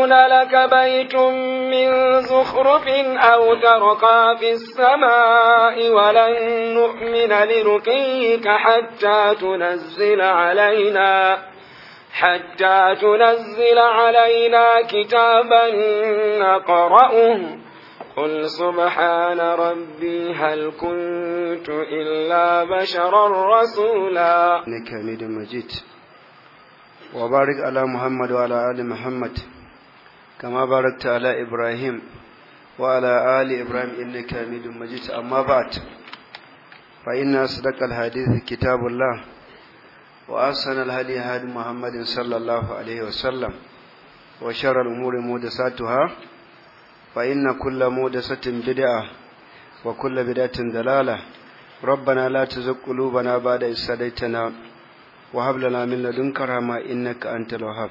يكون لك بيت من زخرف أو ترقى في السماء ولن نؤمن لرقيك حتى تنزل علينا حتى تنزل علينا كتابا نقرأه قل سبحان ربي هل كنت إلا بشرا رسولا نكامل مجيد وبارك على محمد وعلى آل محمد كما باركت على إبراهيم وعلى آل إبراهيم إنك حميد مجيد أما بعد فإن أصدق الحديث كتاب الله وأحسن الهدي هدي محمد صلى الله عليه وسلم وشر الأمور محدثاتها فإن كل محدثة بدعة وكل بدعة ضلالة ربنا لا تزغ قلوبنا بعد إذ هديتنا وهب لنا من لدنك رحمة إنك أنت الوهاب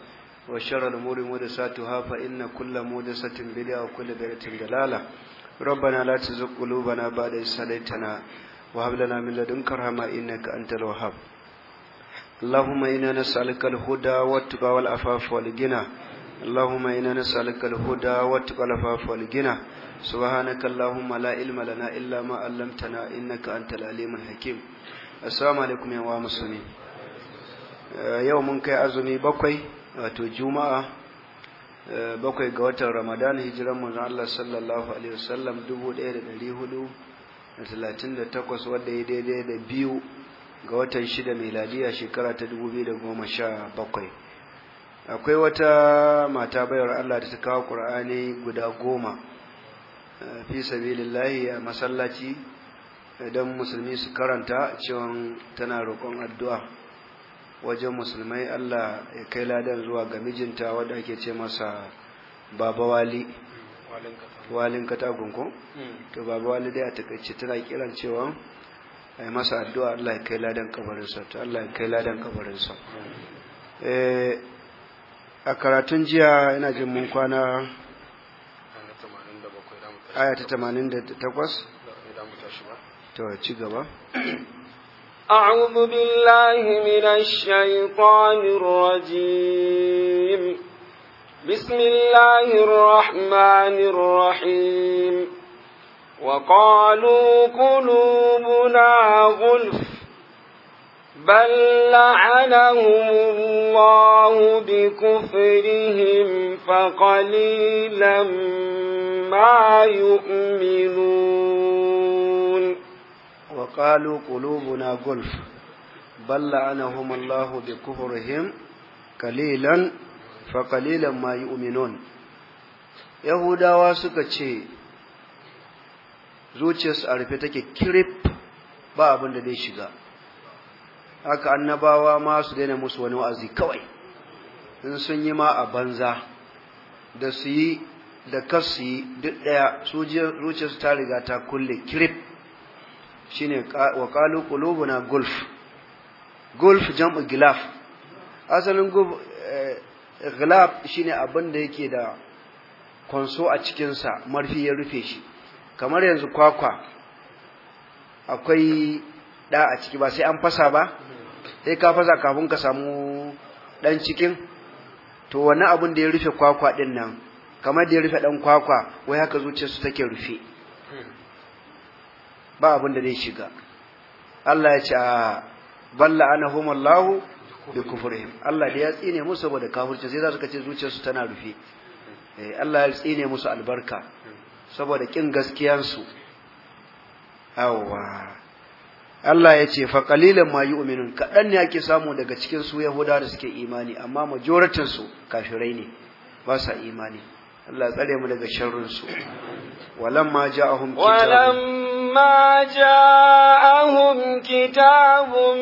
وشر الأمور مدساتها فإن كل مدسة بدعة وكل بدعة ضلالة ربنا لا تزغ قلوبنا بعد إذ هديتنا وهب لنا من لدنك رحمة إنك أنت الوهاب اللهم إنا نسألك الهدى والتقى والعفاف والغنى اللهم إنا نسألك الهدى والتقى والعفاف والغنى سبحانك اللهم لا علم لنا إلا ما علمتنا إنك أنت العليم الحكيم السلام عليكم يا مسلمين يوم كي أزمي بقي wato juma'a eh, bakwai ga watan ramadan hijiran manzon Allah sallallahu alaihi wasallam 1438 wanda ya daidai da biyu ga watan shida miladiya shekara ta 2017 akwai wata mata bayar Allah da ta kawo Qur'ani guda goma eh, fi sabilillahi a masallaci idan musulmi su karanta cewa tana roƙon addu'a wajen musulmai Allah ya kai ladan zuwa ga mijinta wadda ake ce masa baba wali walin katagun ko hmm. to baba wali dai a takaice tana kiran cewa a yi masa addu'a Allah ya kai ladan kabarinsa to Allah ya kai ladan kabarinsa hmm. eh, a karatun jiya yana jin mun kwana aya ta 88 to ci gaba أعوذ بالله من الشيطان الرجيم بسم الله الرحمن الرحيم وقالوا قلوبنا غلف بل لعنهم الله بكفرهم فقليلا ما يؤمنون وقالوا قلوبنا غلف بل لعنهم الله بكفرهم قليلا فقليلا ما يؤمنون yahudawa suka ce zuciyarsu a rufe take kirip ba abin da zai shiga haka annabawa ma su daina musu wani wa'azi kawai in sun yi ma a banza da su yi da kasu yi duk ɗaya zuciyarsu ta riga ta kulle kirip. shine wa qalu qulubuna gulf gulf jam'u gilaf asalin gulf eh, gilaf shine abin da yake da konso a cikinsa sa marfi ya rufe shi kamar yanzu kwakwa akwai da a ciki ba sai an fasa ba sai ka fasa kafin ka samu dan cikin to wani abin da ya rufe kwakwa din nan kamar da ya rufe dan kwakwa wai haka zuciyarsu take rufe hmm. ba abin da zai shiga Allah ya ce a balla anahum Allah bi kufrihim Allah da ya tsine musu saboda kafirci sai za su kace zuciyarsu tana rufe eh, Allah ya tsine musu albarka saboda kin gaskiyansu awwa Allah ya ce fa qalilan ma yu'minun kaɗan ne ake samu daga cikin su Yahuda da suke imani amma majoratin su kafirai ne ba sa imani Allah ya tsare mu daga sharrin su walamma ja'ahum kitabun ما جاءهم كتاب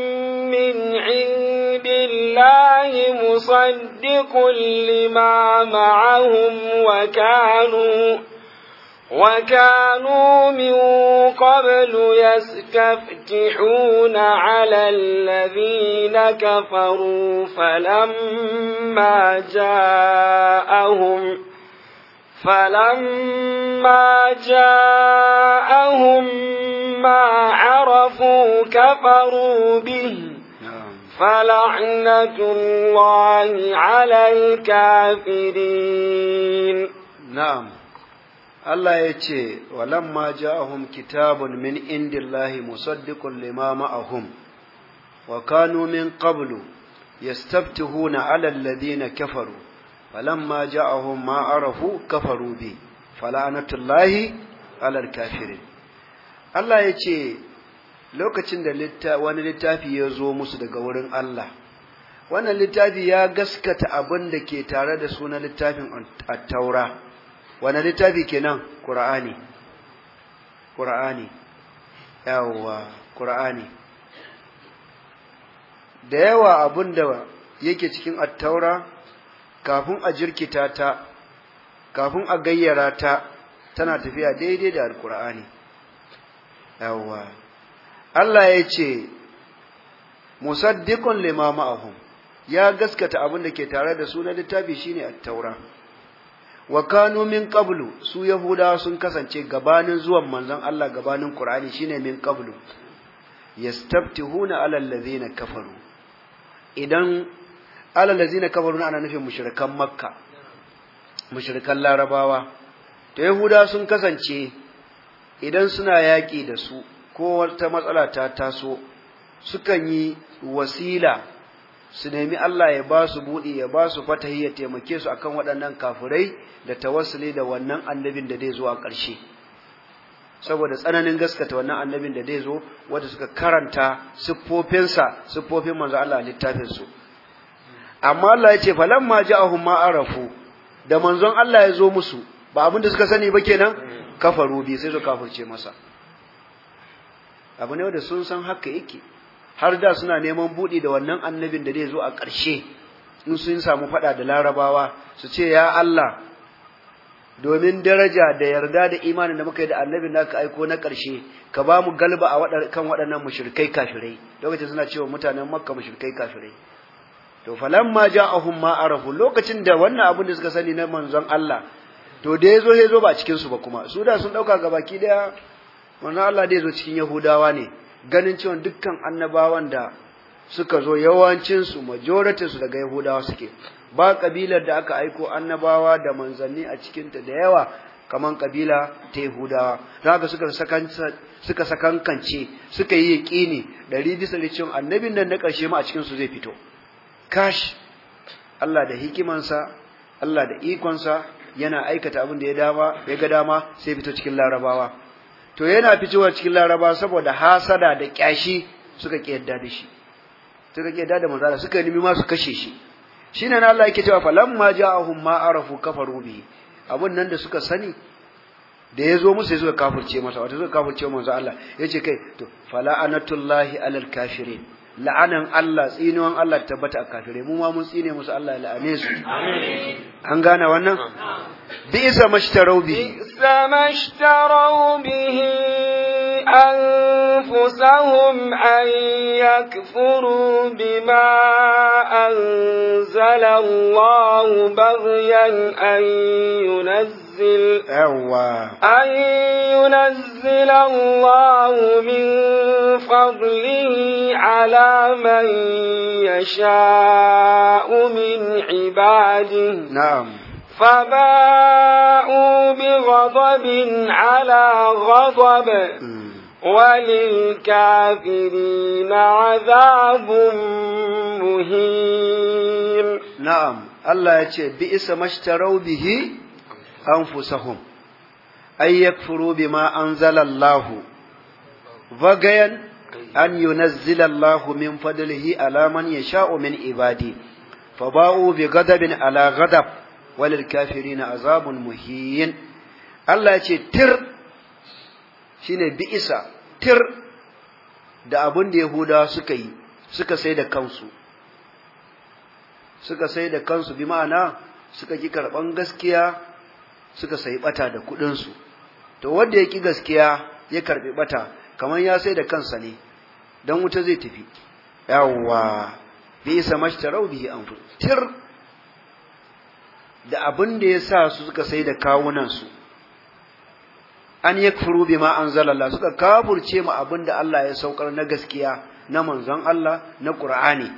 من عند الله مصدق لما معهم وكانوا وكانوا من قبل يستفتحون على الذين كفروا فلما جاءهم فلما جاءهم ما عرفوا كفروا به فلعنة الله على الكافرين نعم الله يتي ولما جاءهم كتاب من عند الله مصدق لما معهم وكانوا من قبل يستفتحون على الذين كفروا فلما جاءهم ما عرفوا كفروا به فلعنة الله kafirin Allah ya ce lokacin da wani littafi ya zo musu daga wurin Allah wannan littafi ya gaskata abin da ke tare da suna littafin at-taura wannan littafi kenan qur'ani qur'ani yawa qur'ani da yawa abin da yake cikin at-taura kafin a jirkita ta kafin a gayyara ta tana tafiya daidai da alkur'ani yawwa Allah ya ce musaddiqun lima ma'ahum ya gaskata abin da ke tare da su na littafi shine at-taura wa kanu min qablu su yahuda sun kasance gabanin zuwan manzon Allah gabanin qur'ani shine min qablu yastabtihuna ala alladhina kafaru idan alal lazina kafaruna ana nufin mushrikan makka mushrikan larabawa to yahuda sun kasance idan suna yaki da su ko wata matsala ta taso sukan yi wasila su nemi Allah ya ba su budi ya ba su fatahi ya taimake su akan waɗannan kafirai da tawassuli da wannan annabin da zai zo a ƙarshe saboda tsananin gaskata wannan annabin da zai zo wanda suka karanta siffofinsa siffofin manzo Allah littafin su amma Allah ya ce falamma ja'ahum ma arafu da manzon Allah ya zo musu ba abin da suka sani ba kenan kafaru bi sai su kafirce masa abu ne wanda sun san haka yake har da suna neman buɗi da wannan annabin da zai zo a ƙarshe in sun samu faɗa da larabawa su ce ya Allah domin daraja da yarda da imanin da muka yi da annabin naka aiko na ƙarshe ka ba mu galba a kan waɗannan mushrikai kafirai lokacin suna cewa mutanen makka mushrikai kafirai to falamma ja'ahum ma arafu lokacin da wannan abin da suka sani na manzon Allah to da yazo yazo ba cikin su ba kuma su da sun dauka ki daya manzon Allah da yazo cikin Yahudawa ne ganin cewa dukkan annabawan da suka zo yawancin su majority su daga Yahudawa suke ba kabilar da aka aiko annabawa da manzanni a cikin ta da yawa kaman kabila ta Yahudawa zaka suka sakan suka sakankance suka yi yaqini dari bisa da cewa annabin nan na karshe ma a cikin su zai fito kash Allah da hikimansa Allah da ikonsa yana aikata abin da ya dama ya ga dama sai fito cikin larabawa to yana fitowa cikin larabawa saboda hasada da kyashi suka kiyarda da shi suka kiyarda da manzala suka nemi ma su kashe shi shine na Allah yake cewa falamma ja'ahum ma arafu kafaru bi? abun nan da suka sani da ya zo musu sai suka kafirce masa wato suka kafirce manzo Allah yace kai to fala anatullahi alal kafirin la'anan Allah tsinuwan Allah tabbata a kafirai mu ma mun tsine musu Allah ya la'ane su an gane wannan bi isa mashtarau bihi isa mashtarau bihi أنفسهم أن يكفروا بما أنزل الله بغيا أن ينزل أن ينزل الله من فضله على من يشاء من عباده نعم فباءوا بغضب على غضب وللكافرين عذاب مهين نعم الله يتي بئس ما اشتروا به أنفسهم أن يكفروا بما أنزل الله بغيا أن ينزل الله من فضله على من يشاء من عباده فباءوا بغضب على غضب وللكافرين عذاب مهين الله يتي تر shine bi'isa tir da abin da yahudawa suka yi suka sai da kansu suka sai da kansu bi ma'ana suka ki karban gaskiya suka sai bata da kudin su to wanda ya ki gaskiya ya karbi bata kamar ya sai da kansa ne dan wuta zai tafi yawwa bi'isa mashtarau bihi anfu tir da abin da ya sa su suka sai da kawunansu an yi yakfuru bima anzalallah suka kafurce mu abinda Allah ya saukar na gaskiya na manzon Allah na Qur'ani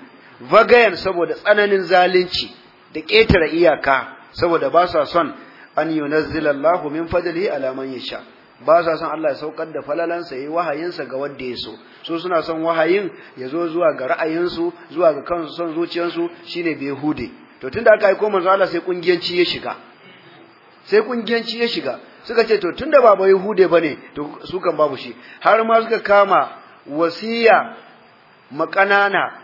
vagayan saboda tsananin zalunci da ƙetare iyaka saboda ba sa son an yunazzilallahu min fadlihi ala man yasha ba sa son Allah ya saukar da falalansa yayi wahayinsa ga wanda ya so su suna son wahayin ya zo zuwa ga ra'ayinsu zuwa ga kansu son zuciyarsu shine bai hude to tunda aka aiko manzo Allah sai kungiyanci ya shiga sai kungiyanci ya shiga suka ce to tunda baba ba yahude bane to su kan babu shi har ma suka kama wasiya makanana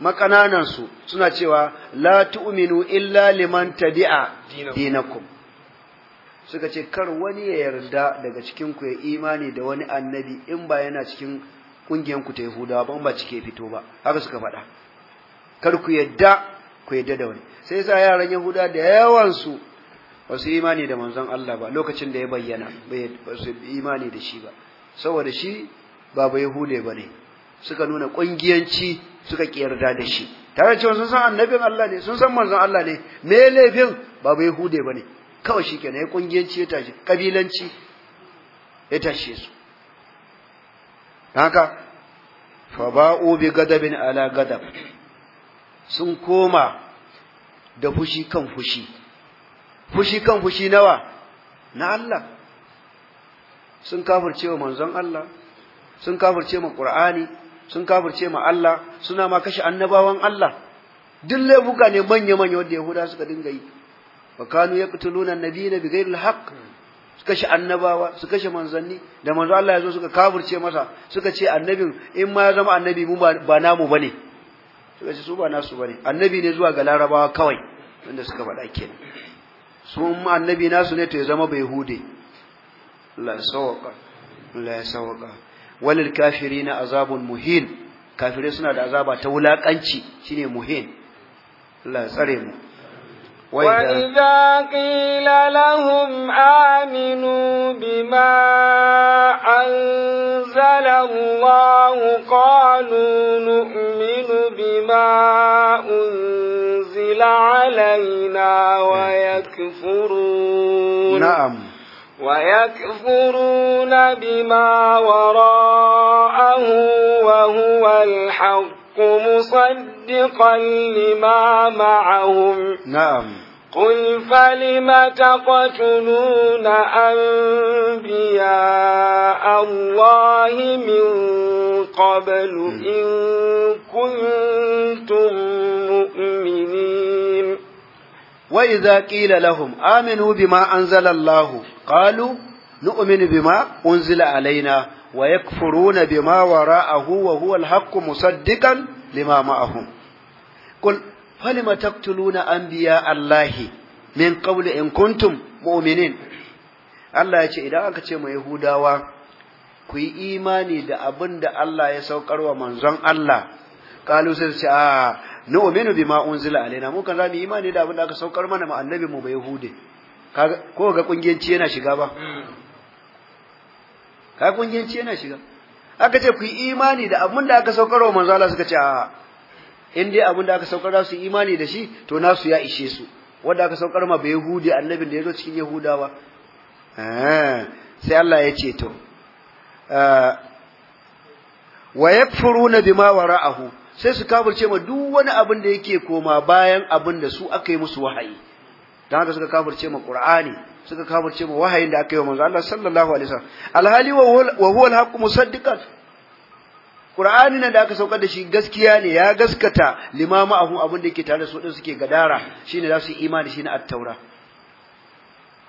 makananan su suna cewa la tu'minu illa liman tabi'a dinakum suka ce kar wani ya yarda daga cikin ku ya imani da wani annabi in ba yana cikin kungiyan ku ta yahudawa ba ba cike fito ba haka suka faɗa kar ku yadda ku yarda da wani sai sa yaran yahuda da yawan su ba su imani da manzon Allah ba lokacin da ya bayyana ba su imani da shi ba saboda shi ba bai hude ba ne suka nuna kungiyanci suka kiyarda da shi tare cewa sun san annabin Allah ne sun san manzon Allah ne me laifin ba bai hude ba ne kawai shi kenan ya kungiyanci ya tashi kabilanci ya tashi su haka fa ba'u bi gadabin ala gadab sun koma da fushi kan fushi fushi kan fushi nawa na Allah sun kafirce wa manzon Allah sun kafirce ma Qur'ani sun kafirce ma Allah suna ma kashe annabawan Allah duk laifuka ne manya manya wanda Yahuda suka dinga yi wa kanu yaqtuluna an-nabiyina bighayri haqq su kashe annabawa su kashe manzanni da manzo Allah ya zo suka kafirce masa suka ce annabin in ma ya zama annabi mu ba namu bane suka ce su ba nasu bane annabi ne zuwa ga larabawa kawai wanda suka faɗa kenan su annabi nasu ne to ya zama bai hude la sawqa la sawqa walil kafirina azabun muhin kafirai suna da azaba ta wulakanci shine muhin Allah tsare mu وإذا قيل لهم آمنوا بما أنزل الله قالوا نؤمن بما أنزل أنزل علينا ويكفرون نعم ويكفرون بما وراءه وهو الحق مصدقا لما معهم نعم قل فلم تقتلون أنبياء الله من قبل إن كنتم مؤمنين Wai zaƙi qila lahum aminu bima anzala Allah qalu bima unzila alaina wa yakfuruna bima wara'ahu wa huwa al-haqq musaddiqan lima ma'ahum qul falima taqtuluna anbiya Allah min qawli in kuntum mu'minin Allah ya ce idan aka ce mai hudawa, ku yi imani da abin da Allah ya saukar wa manzon Allah kalu sai ce a bi bima unzila alaina mu kan zamu imani da abin da aka saukar mana ma annabinmu bai hude kaga ko ga kungiyanci yana shiga ba ka kungiyanci yana shiga aka ce ku yi imani da abin da aka saukar wa manzo Allah suka ce a in dai abin da aka saukar da su imani da shi to nasu ya ishe su wanda aka saukar ma bai yahude annabin da yazo cikin yahudawa eh sai Allah ya ce to wa yakfuruna bima wara'ahu sai su ce ma duk wani abin da yake koma bayan abin da su aka yi musu wahayi dan haka suka ce ma qur'ani suka ce ma wahayin da aka yi wa manzo Allah sallallahu alaihi wasallam alhali wa huwa alhaqqu musaddiqan Qur'ani nan da aka saukar da shi gaskiya ne ya gaskata limama ahu abin da yake tare da su din suke gadara shine za su yi imani shine at-taura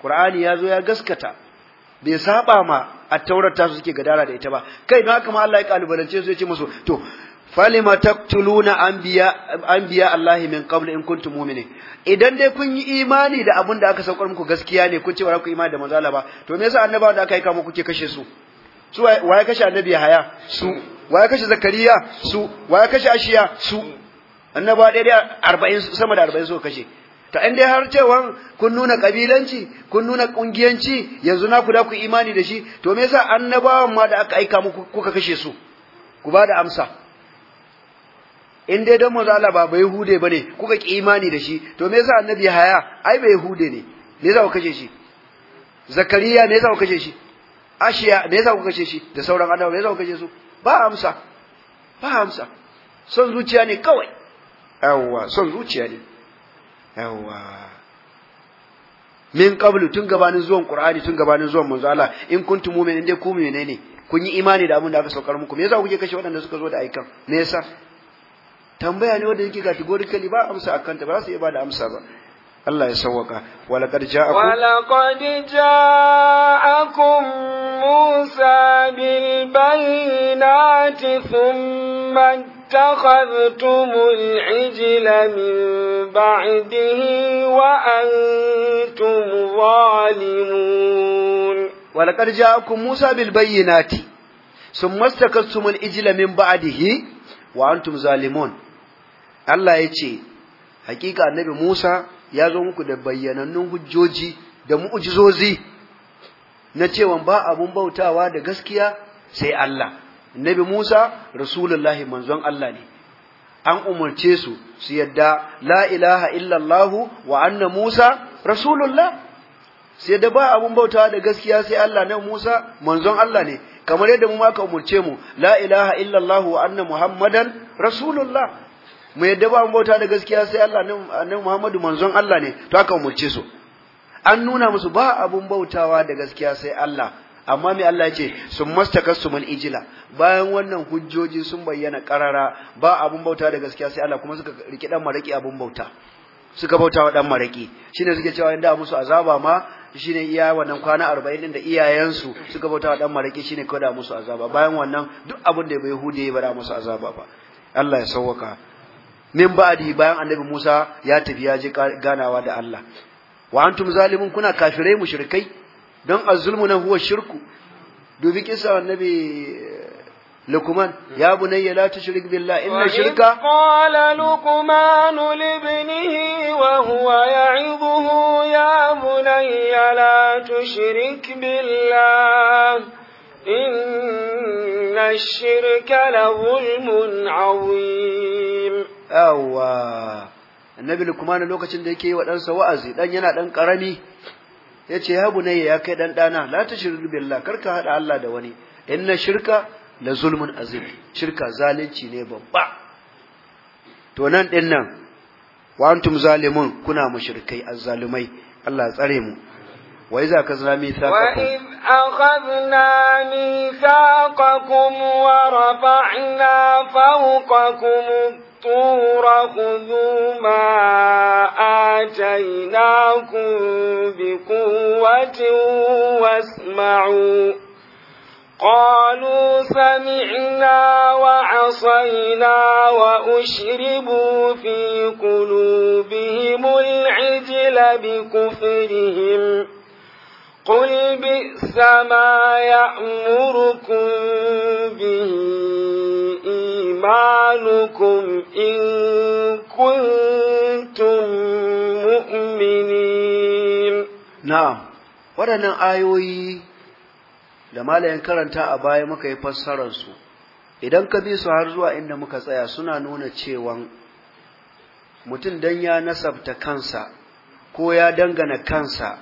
Qur'ani ya zo ya gaskata bai saba ma at taurata ta su suke gadara da ita ba kai don haka ma Allah ya kalubalance su ya ce musu to falima taqtuluna anbiya anbiya Allah min qabl in kuntum mu'minin idan dai kun yi imani da abin da aka saukar muku gaskiya ne kun ce ba ku imani da manzo Allah ba to me yasa annabawa da aka yi kama kuke kashe su su waye kashe annabi haya su waye kashe zakariya su waye kashe ashiya su annabawa dai dai 40 sama da 40 suka kashe ta in dai har cewa kun nuna kabilanci kun nuna kungiyanci yanzu na ku da ku imani da shi to me yasa annabawan ma da aka aika muku kuka kashe su ku ba da amsa in dai dan manzo Allah ba bai hude bane kuka ki imani da shi to me yasa annabi haya ai bai hude ne me yasa ku kashe shi zakariya me yasa ku kashe shi ashiya me yasa kuka kashe shi da sauran annabawa me yasa ku kashe su ba amsa ba amsa son zuciya ne kawai yawwa son zuciya ne yawwa min qablu tun gabanin zuwan qur'ani tun gabanin zuwan manzo Allah in kuntum mu'minin dai ku menene kun yi imani da abin da aka saukar muku me yasa kuke kashe waɗanda suka zo da aikan me yasa tambaya ne wanda yake categorically ba amsa akan ta ba za su iya bada amsa ba Allah ya sawwaka walaqad ja'akum walaqad ja'akum Musa bil bayyinati thumma اتخذتمul ijla min ba'dihi wa antum zalimun walaqad ja'akum Musa bil bayyinati thumma اتخذتمul ijla min ba'dihi wa Allah ya ce hakika annabi Musa ya zo muku da bayyanannun hujjoji da mu'ujizozi na cewa ba abun bautawa da gaskiya sai Allah annabi Musa rasulullahi manzon Allah ne an umarce su su yadda la ilaha illallahu wa anna Musa rasulullah sai da ba abun bautawa da gaskiya sai Allah na Musa manzon Allah ne kamar yadda mu ma umarce mu la ilaha illallahu wa anna Muhammadan rasulullah mu yadda ba mu bauta da gaskiya sai Allah annabi Muhammadu manzon Allah ne to aka umurce su an nuna musu ba abun bautawa da gaskiya sai Allah amma me Allah ya ce sun mun ijila bayan wannan hujjoji sun bayyana karara ba abun bauta da gaskiya sai Allah kuma suka riki dan maraki abun bauta suka bauta wa dan maraki shine suke cewa inda musu azaba ma shine iya wannan kwana 40 din da iyayensu suka bauta wa dan maraki shine da musu azaba bayan wannan duk abun da bai hude ba da musu azaba ba Allah ya sauwaka min ba'di bayan annabi Musa ya tafi ya je ganawa da Allah wa antum zalimun kuna kafirai mushrikai don azzulmu nan huwa shirku dubi kisa annabi bunayya la tushrik billahi inna shirka qala الشرك li ibnihi wa huwa ya'idhuhu ya bunayya la tushrik billahi إن الشرك لظلم عظيم أوا النبي لكمان لوكacin da yake yi wa ɗansa wa'azi dan yana dan karami yace ya bunayya ya kai dan dana la tushrik billah karka hada Allah da wani inna shirka la zulmun azim shirka zalunci ne babba to nan din nan wa antum zalimun kuna mushrikai azzalumai Allah tsare mu wa أخذنا ميثاقكم ورفعنا فوقكم الطور خذوا ما آتيناكم بقوة واسمعوا قالوا سمعنا وعصينا وأشربوا في قلوبهم العجل بكفرهم قل بئس ما يأمركم به إيمانكم إن كنتم مؤمنين نعم waɗannan ayoyi da malamin karanta a baya muka yi fassararsu idan ka bi su har zuwa inda muka tsaya suna nuna cewan mutum dan ya nasabta kansa ko ya dangana kansa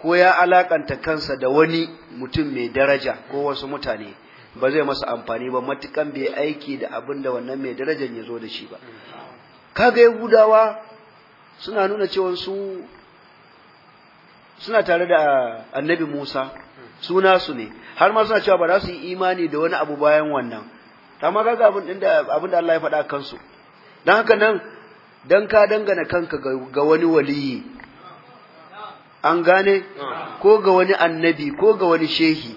ko ya alakanta kansa da wani mutum mai daraja ko wasu mutane ba zai masa amfani ba matukan bai aiki da abin da wannan mai darajar ya zo da shi ba kaga gudawa suna nuna cewa su suna tare da annabi Musa suna su ne har ma suna cewa ba za su yi imani da wani abu bayan wannan amma kaga abin da Allah ya faɗa kansu don haka nan don ka dangana kanka ga wani waliyi an gane ko ga wani annabi ko ga wani shehi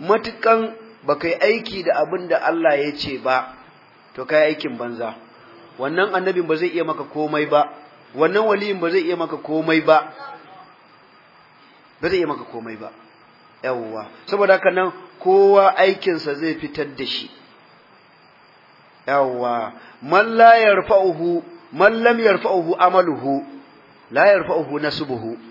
matukan ba kai aiki da abin da Allah ya ce ba to kai aikin banza wannan annabin ba zai iya maka komai ba wannan waliyin ba zai iya maka komai ba ba zai iya maka komai ba yawwa saboda haka nan kowa aikinsa zai fitar da shi yawwa man la yarfa'uhu man lam yarfa'uhu amaluhu la yarfa'uhu nasubuhu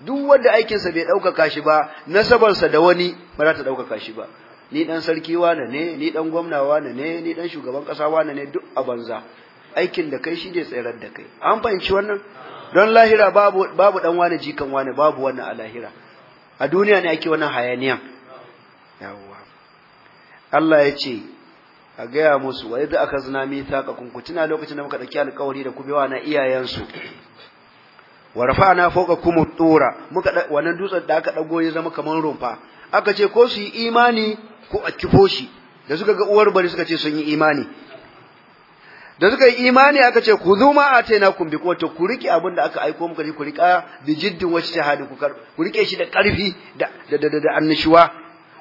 duk wanda aikinsa bai ɗaukaka shi ba nasabarsa da wani ba za ta ɗaukaka shi ba ni dan sarki wane ne ni dan gwamna wane ne ni dan shugaban ƙasa wane ne duk a banza aikin da kai shi ne tsayar da kai an fahimci wannan don lahira babu babu dan wane jikan wane babu wannan a lahira a duniya ne ake wannan hayaniyan yawwa Allah ya ce a gaya musu wa yadda aka zina mithaqakum ku tuna lokacin da muka dauki alƙawari da ku biwa na iyayensu wa rafa'na fawqakum tura muka wannan dutsen da aka dago ya zama kaman rumfa aka ce ko su yi imani ko a kifo shi da suka ga uwar bari suka ce sun yi imani da suka yi imani aka ce ku zuma a taina kun bi wato ku rike abin da aka aiko muka ku rika bi jiddin wacce ta hadu ku ku rike shi da karfi da da da, da annashuwa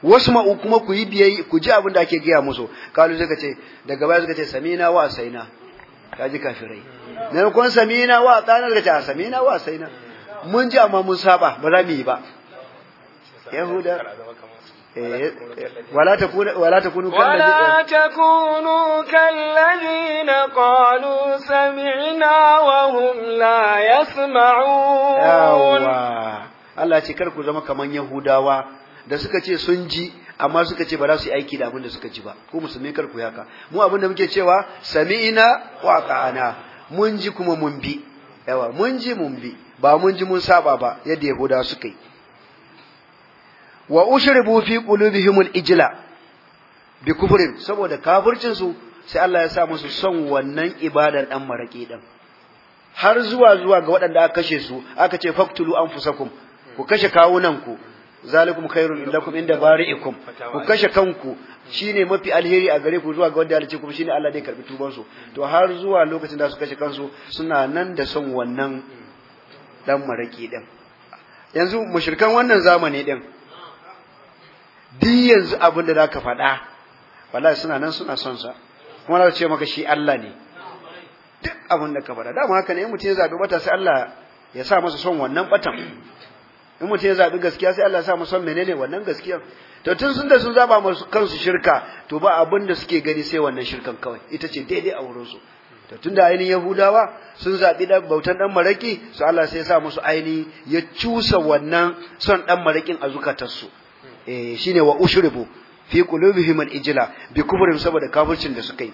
wasu ma kuma ku yi biyayi ku ji abin da ake gaya musu kalu suka ce daga baya suka ce samina wa saina kaji kafirai na kun samina wa tsana daga ta samina wa sai na mun ji amma mun saba ba za mu yi ba yahuda ولا تكونوا ولا تكونوا ولا تكونوا كالذين قالوا سمعنا وهم لا يسمعون الله ya ce kar ku zama kaman yahudawa da suka ce sun ji amma suka ce ba za su yi aiki da abin da suka ji ba ko musulmi kar ku yaka mu abin da muke cewa sami'ina wa ta'ana mun ji kuma mun bi yawa mun ji mun bi ba mun ji mun saba ba yadda yahuda suka yi wa ushribu fi al ijla bi kufrin saboda kafircin su sai Allah ya sa musu son wannan ibadar dan maraki dan. har zuwa zuwa ga waɗanda aka kashe su aka ce faktulu anfusakum ku kashe kawunan ku zalikum khairun lakum inda bari'ikum ku kashe kanku shine mafi alheri a gare ku zuwa ga wanda halice kuma shine Allah dai karbi tuban su to har zuwa lokacin da su kashe kansu suna nan da son wannan dan maraki din yanzu mushrikan wannan zamani din di yanzu abin da zaka faɗa wallahi suna nan suna son sa kuma za su ce maka shi Allah ne duk abin da ka faɗa dama haka ne mutum ya zabi bata sai Allah ya sa masa son wannan batan in mutum ya zaɓi gaskiya sai Allah sa mu san menene wannan gaskiyar to tun sun da sun zaba masu kansu shirka to ba abin da suke gani sai wannan shirkan kawai ita ce daidai a wurin su to tun da ainihin Yahudawa sun zabi dan bautan dan maraki su Allah sai ya sa musu ainihi ya cusa wannan son dan marakin a zukatarsu eh shine wa ushribu fi qulubihim al-ijla bi kufrihim saboda kafircin da suka yi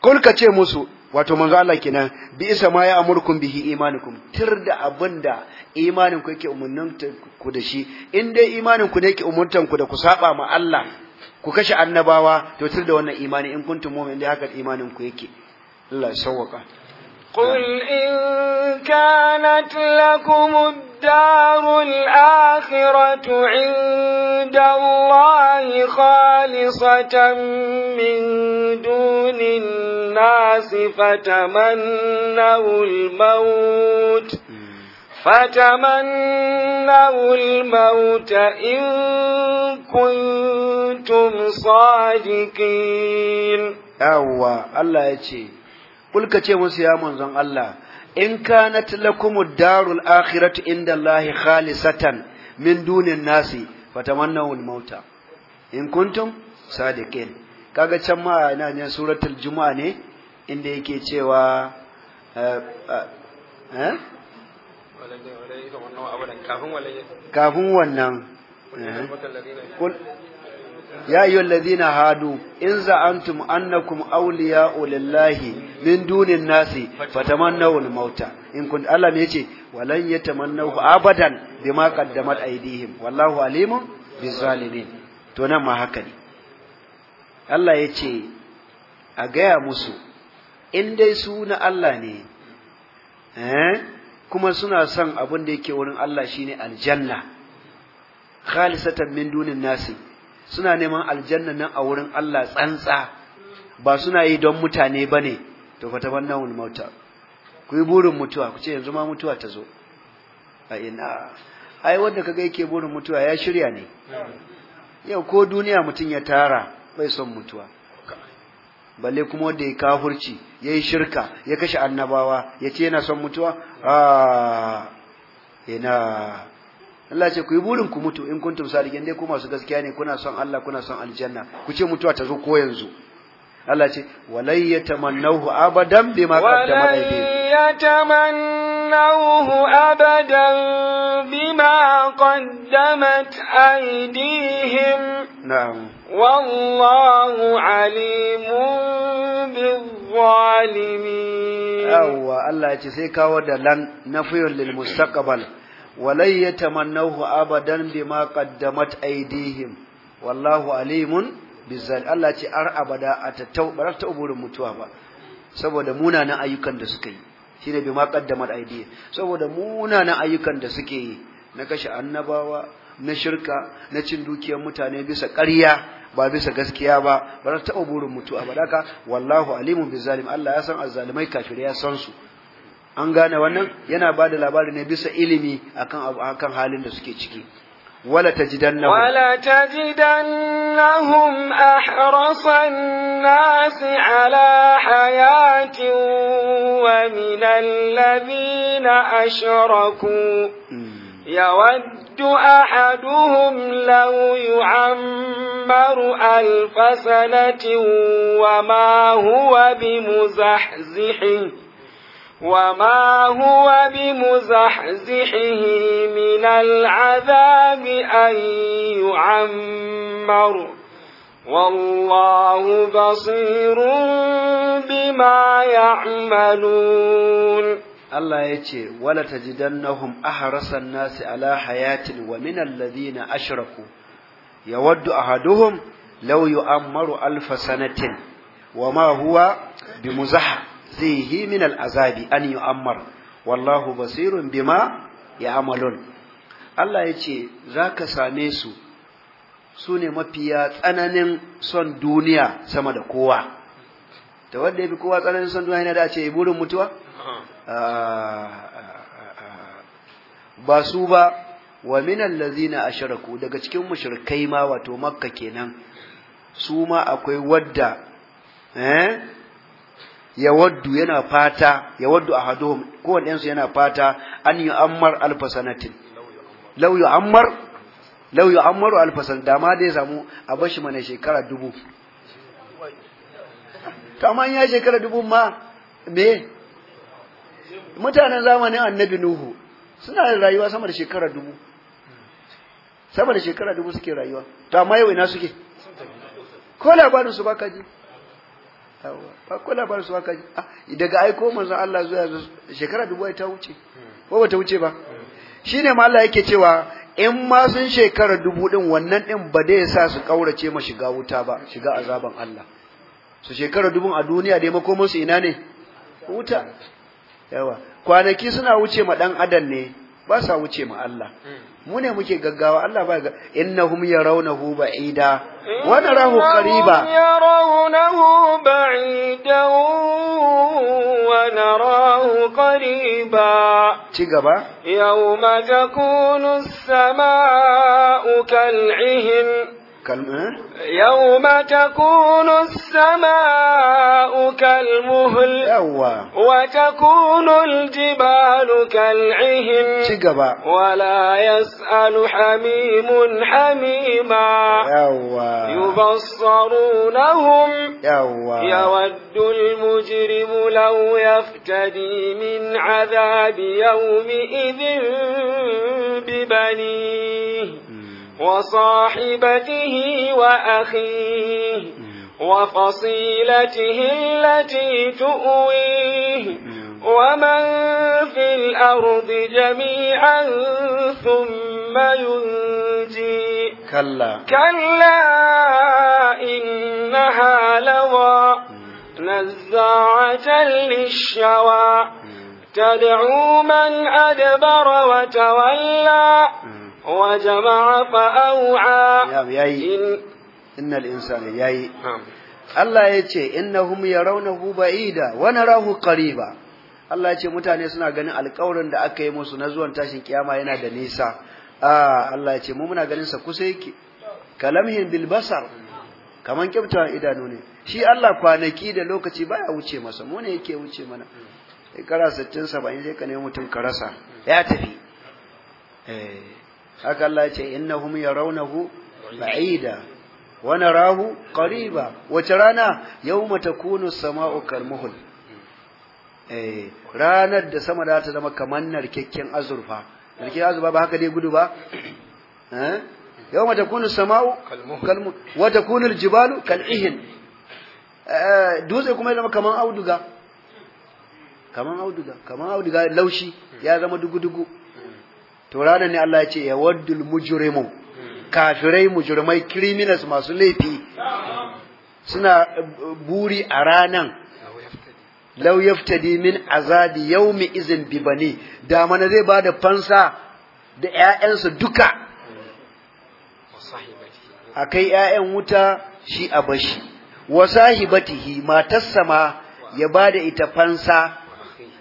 kul ka ce musu wato manzo Allah kenan bi isa ma ya amurkum bihi imanukum tir da abinda imanin ku yake umunnan ku da shi in dai imanin ku ne yake umurtan ku da ku saba ma Allah ku kashe annabawa to tir wannan imani in kuntum mu'min dai haka imanin ku yake Allah ya sauwaka قل إن كانت لكم الدار الآخرة عند الله خالصة من دون الناس فتمنوا الموت فتمنوا الموت إن كنتم صادقين أوى الله يتشيه kulka ce musu ya manzon Allah in kanat lakumud darul akhiratu inda Allah khalisatan min dunin nasi fatamannaw al mauta in kuntum sadiqin kaga can ma ina ne suratul juma ne inda yake cewa eh, eh, eh? kafin wannan kafin wannan يا أيها الذين هادوا إن زعمتم أنكم أولياء لله من دون الناس فتمنوا الموت إن كنت ألا نيجي ولن يتمنوه أبدا بما قدمت أيديهم والله عليم بالظالمين تونا ما هكذا الله يجي أجايا مسو إن دي سونا الله ني أه؟ كما سنا سن أبن دي كي ورن الله شيني aljanna, khalisatan min dunin nasi, suna neman aljanna nan a wurin Allah tsantsa ba suna yi don mutane ba ne to fata wannan mauta ku yi burin mutuwa ku ce yanzu ma mutuwa ta zo a ina ai wanda kaga yake burin mutuwa ya shirya ne yau ko duniya mutum ya tara bai son mutuwa balle kuma wanda ya kafurci ya yi shirka ya kashe annabawa ya ce yana son mutuwa a ah, ina Allah ce ku yi burin ku mutu in kuntum salihin dai ku masu gaskiya ne kuna son Allah kuna son aljanna ku ce mutuwa ta zo ko yanzu Allah ce walai yatamannahu abadan bima qaddama aydihim yatamannahu abadan bima qaddamat aydihim na'am wallahu alimun bizzalimin yawa Allah ya ce sai kawo da lan nafiyul lil mustaqbal walan yatamannahu abadan bima qaddamat aydihim wallahu alimun bizzal Allah ce ar abada a tattau ba ta uburin mutuwa ba saboda munanan ayyukan da suka yi shine bima qaddamat aydihim saboda munanan ayyukan da suke yi na kashe annabawa na shirka na cin dukiyar mutane bisa ƙarya ba bisa gaskiya ba ba za ta taɓa burin mutuwa ba daka wallahu alimun bizalim Allah ya san azzalimai kafirai ya san su an gane wannan yana ba da labari ne bisa ilimi akan akan halin da suke ciki wala tajidannahum wala tajidannahum ahrasan nas ala hayati, wa min alladhina ashraku يود hmm. ahaduhum law yu'ammaru alfasanati wa ma huwa bimuzahzihi وما هو بمزحزحه من العذاب أن يعمر والله بصير بما يعملون الله يتي ولا تجدنهم أحرص الناس على حياة ومن الذين أشركوا يود أحدهم لو يؤمر ألف سنة وما هو بمزحزح yujzihi min al'azabi an amar wallahu basirun bima ya'malun Allah ya ce za ka same su su ne mafiya tsananin son duniya sama da kowa da wanda ya fi kowa tsananin son duniya yana da ce burin mutuwa ba su ba wa minan lazina asharaku daga cikin mushrikai ma wato makka kenan su ma akwai wadda yawaddu yana fata yawaddu ahaduhum wanda yansu yana fata an yi ammar alfasanatin. law ammar law yu ammaru alfasan da ma dai samu a bashi mana shekara dubu to amma ya shekara dubu ma me mutanen zamanin annabi nuhu suna rayuwa sama da shekara dubu sama da shekara dubu suke rayuwa to amma yau ina suke ko labarin su baka ji ba ko labarin su haka ah, daga aiko manzon Allah zuwa shekara dubu ta wuce ko bata wuce ba Shi ne ma Allah yake cewa in ma sun shekara dubu din wannan din ba dai sa su ƙaurace ma shiga wuta ba shiga azaban Allah su shekara dubu a duniya dai makomansu ina ne wuta yawa kwanaki suna wuce ma dan adam ne ba sa wuce ma Allah hmm. mu ne muke gaggawa Allah ba ga innahum yarawnahu ba'ida wa narahu qariba yarawnahu ba'ida wa rahu qariba ci gaba yawma takunu as-samaa'u kal'ihim إيه؟ يوم تكون السماء كالمهل وتكون الجبال كالعهن ولا يسأل حميم حميما يبصرونهم يود المجرم لو يفتدي من عذاب يومئذ ببنيه وصاحبته وأخيه وفصيلته التي تؤويه ومن في الأرض جميعا ثم ينجي كلا كلا إنها لوى نزاعة للشوى تدعو من أدبر وتولى وجمع فأوعى ياي إن, إن الإنسان ياي Allah ya ce, Innahum ya rauna raunahu ida, wani rahu ƙariba. Allah ya ce, mutane suna ganin alƙawarin da aka yi musu na zuwan tashin kiyama yana da nisa. Ah, Allah ya ce, mu muna ganin sa kusa yake, kalamhin bilbasar, kaman kyautawan idanu ne. Shi Allah kwanaki da lokaci baya wuce masa, mu ne yake wuce mana. Shekara sittin saba'in sai ka nemi mutum ka rasa, ya tafi. Eh. haka Allah ya ce innahum yarawnahu ba'ida wa narahu qariba wace rana yawma takunu sama'u kalmuhul eh ranar da sama da ta zama kamar narkekken azurfa narkekken azurfa ba haka dai gudu ba eh yawma takunu sama'u kalmuhul wa takunu aljibalu kal'ihin eh, dutse kuma zama kamar auduga kamar auduga kamar auduga laushi ya zama dugu dugu to ranar ne Allah ya ce ya waddul mujrimu kafirai mujrimai criminals masu laifi suna eh, buri a ranan law yaftadi min azabi yawmi izin bibani da mana zai ba da fansa da ƴaƴansa duka akai ƴaƴan wuta shi a bashi wa sahibatihi matarsa ma ya ba da ita fansa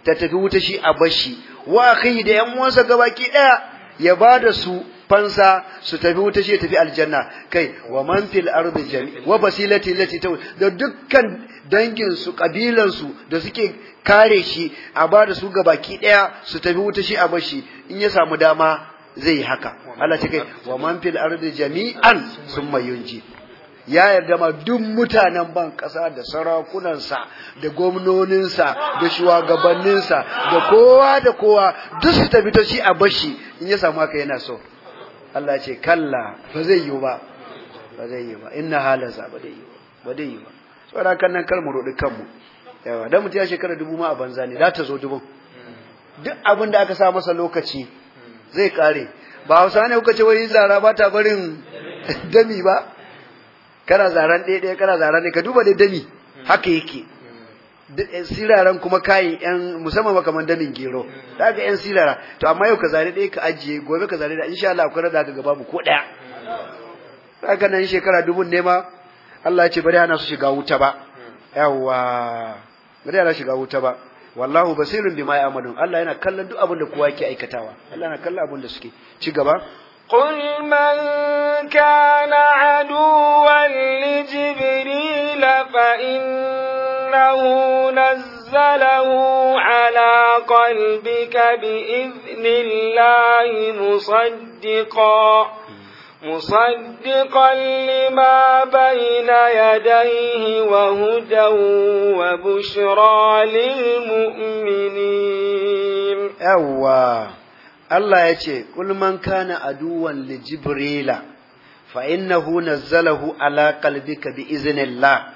ta tafi wuta shi a bashi wa akhi da yan uwansa gabaki daya ya bada su fansa su tafi wuta shi tafi aljanna kai wa man fil ardi jami wa basilati lati ta da dukkan dangin su kabilan su da suke kare shi a bada su gabaki daya su tafi wuta shi a bashi in ya samu dama zai haka Allah ce kai wa man fil ardi jami'an summa yunji ya yarda ma duk mutanen ban ƙasa da sarakunansa da gwamnoninsa da shugabanninsa da kowa da kowa duk su tafi ta shi a bashi in ya samu haka yana so Allah ce kalla ba zai yi ba ba zai yi ba inna halaza ba zai yi ba zai yi ba saboda kan nan kar mu rodi kanmu yawa dan mutum ya shekara dubu ma a banza ne za ta zo dubun duk abin da aka sa masa lokaci zai kare ba hausa ne kuka ce wai zara ba ta barin dami ba kana zaran ɗaya ɗaya kana zaran ne ka duba da dami haka yake siraran kuma kayan yan musamman ba kamar damin gero da ka yan sirara to amma yau ka zare ɗaya ka ajiye gobe ka zare da insha Allah akwai da ka gaba mu ko ɗaya haka nan shekara dubun nema. Allah ya ce bari ana su shiga wuta ba yawa bari ana shiga wuta ba wallahu basirun bima ya'malun Allah yana kallon duk abin da kowa yake aikatawa Allah yana kallon abin da suke ci gaba قل من كان عدوا لجبريل فإنه نزله على قلبك بإذن الله مصدقا مصدقا لما بين يديه وهدى وبشرى للمؤمنين أواه Allah ya ce, Kulman kana aduwan li Jibrila, fa innahu nazzalahu ala bika bi la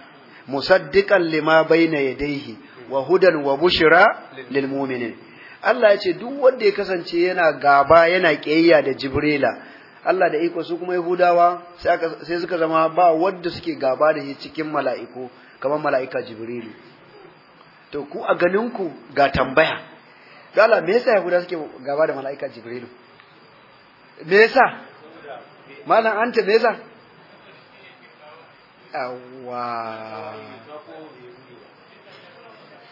musaddiƙan lima bayna yadayhi wa hudan wa bushira lil mu'minin. Allah ya ce duk wanda ya kasance yana gaba yana kiyayya da Jibrila, Allah da iko su kuma Yahudawa sai suka zama ba wadda suke gaba da shi cikin mala'iku kamar mala'ika Jibrilu. To ku a ganinku ga tambaya. Allah me yasa Yahuda suke gaba da mala'ika Jibrilu me yasa malam anta me yasa yawa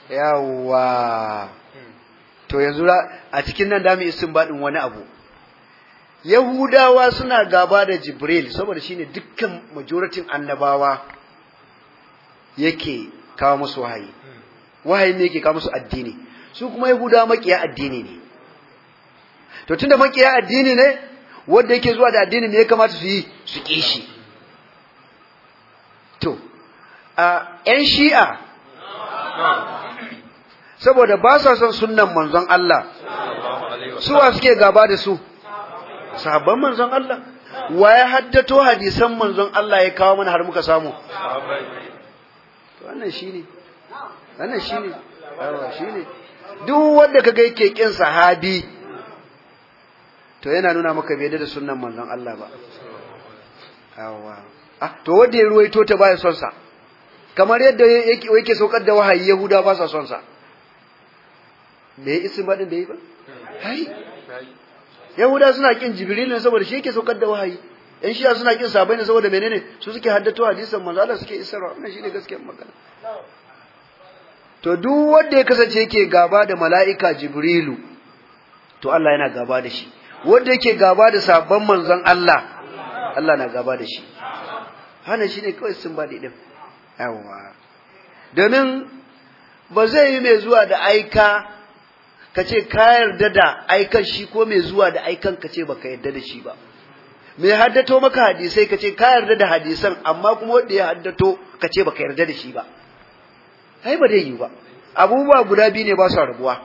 yawa to yanzu a cikin nan da mu istinbadin wani abu Yahudawa suna gaba da Jibril saboda shine dukkan majoratin annabawa yake kawo musu wahayi wahayi ne yake kawo musu addini su kuma yahuda makiya addini ne to tunda makiya addini ne wanda yake zuwa da addini ne ya kamata su yi su kishi to a yan shi'a saboda ba sa son sunnan manzon Allah suwa suke gaba da su sahabban manzon Allah wa ya haddato hadisan manzon Allah ya kawo mana har muka samu wannan shine wannan shine shine duk wanda kaga yake kin sahabi to yana nuna maka bai da sunnan manzon Allah ba yawa ah to wanda ya ruwaito ta baya son sa kamar yadda yake yake saukar da wahayi yahuda ba sa son sa me isin ba din yi ba hai yahuda suna kin jibrilin saboda shi yake saukar da wahayi in shiya suna kin sabai ne saboda menene su suke haddato hadisan manzo Allah suke isarwa wannan shine gaskiyar magana to duk wanda ya kasance yake gaba da mala'ika jibrilu to Allah yana gaba da shi wanda yake gaba da sabon manzon Allah Allah na gaba da shi hana shi ne kawai sun baɗi din yawa domin ba zai yi mai zuwa da aika ka ce ka yarda da aikan shi ko mai zuwa da aikan ka ce baka yarda da shi ba mai haddato maka hadisai ka ce ka yarda da hadisan amma kuma wanda ya haddato ka ce baka yarda da shi ba ai ba zai yi ba abubuwa guda biyu ne ba su rabuwa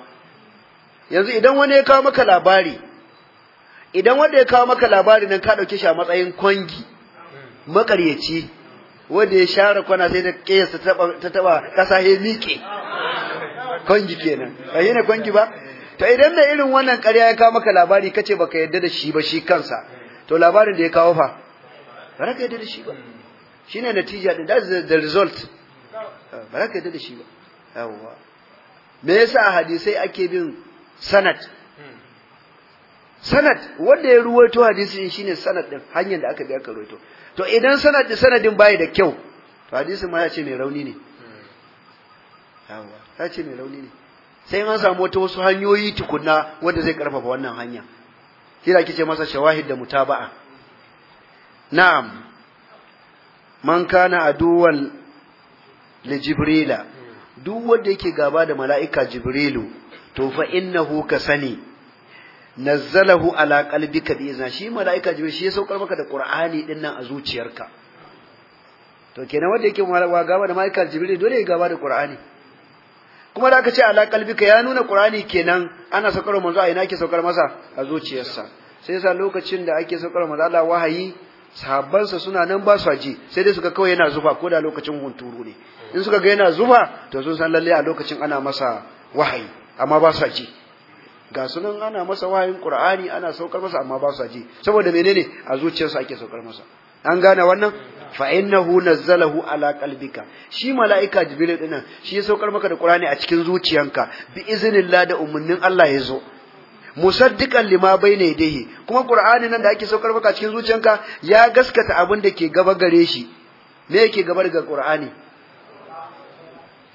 yanzu idan wani ya kawo maka labari idan wanda ya kawo maka labari nan ka dauke shi a matsayin kwangi makaryaci wanda ya share kwana sai da kesa ta taba kasa he miƙe kwangi kenan ba ne kwangi ba to idan da irin wannan ƙarya ya kawo maka labari kace baka yarda da shi ba shi kansa to labarin da ya kawo fa ba ka yarda da shi ba shine natija din that's the result ba za ka yadda da shi ba yawwa me yasa a hadisai ake bin sanad sanad wanda ya ruwaito shi ne sanad din hanyar da aka bi aka ruwaito to idan sanad sanadin bai da kyau to hadisin ma ya ce mai rauni ne yawwa ya ce mai rauni ne sai an samu wata wasu hanyoyi tukunna wanda zai karfafa wannan hanya kira kice masa shawahid da mutaba'a na'am man kana aduwan li jibrila duk wanda yake gaba da mala'ika jibrilu to fa innahu ka sani nazzalahu ala qalbika bi izna shi mala'ika jibril shi ya saukar maka da qur'ani din nan a zuciyarka to kenan wanda yake wa gaba da mala'ika jibril dole ya gaba da qur'ani kuma da aka ce ala qalbika ya nuna qur'ani kenan ana saukar manzo a ina ake saukar masa a zuciyarsa sai sa lokacin da ake saukar manzo Allah wahayi sahabbansa suna nan ba su ji sai dai suka kawai yana zufa ko da lokacin hunturu ne in suka ga yana zuba to sun san lalle a lokacin ana masa wahayi amma ba sa ji ga sunan ana masa wahayin qur'ani ana saukar masa amma ba sa ji saboda menene a zuciyarsa ake saukar masa an gane wannan fa innahu nazzalahu ala qalbika shi malaika jibril dinnan shi ya saukar maka da qur'ani a cikin zuciyanka bi iznillah da umarnin Allah ya zo musaddiqan lima bayna yadayhi kuma qur'ani nan da ake saukar maka cikin zuciyanka ya gaskata abin da ke gaba gare shi me yake gaba daga qur'ani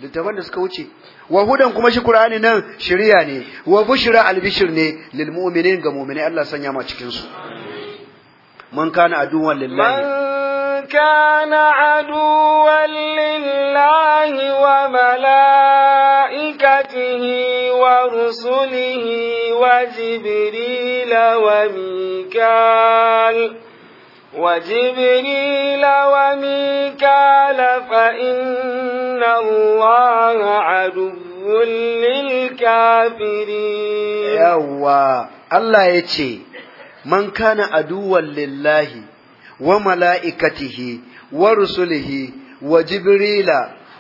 littafan da suka wuce wa hudan kuma shi qur'ani nan shari'a ne wa bushra albishir ne lil mu'minin ga mu'minai Allah sanya ma cikin su man kana aduwan lillahi wa malaikatihi wa rusulihi wa jibril wa وميكال وجبريل وميكال فإن الله عدو للكافرين يوا الله يتي من كان عدوا لله وملائكته ورسله وجبريل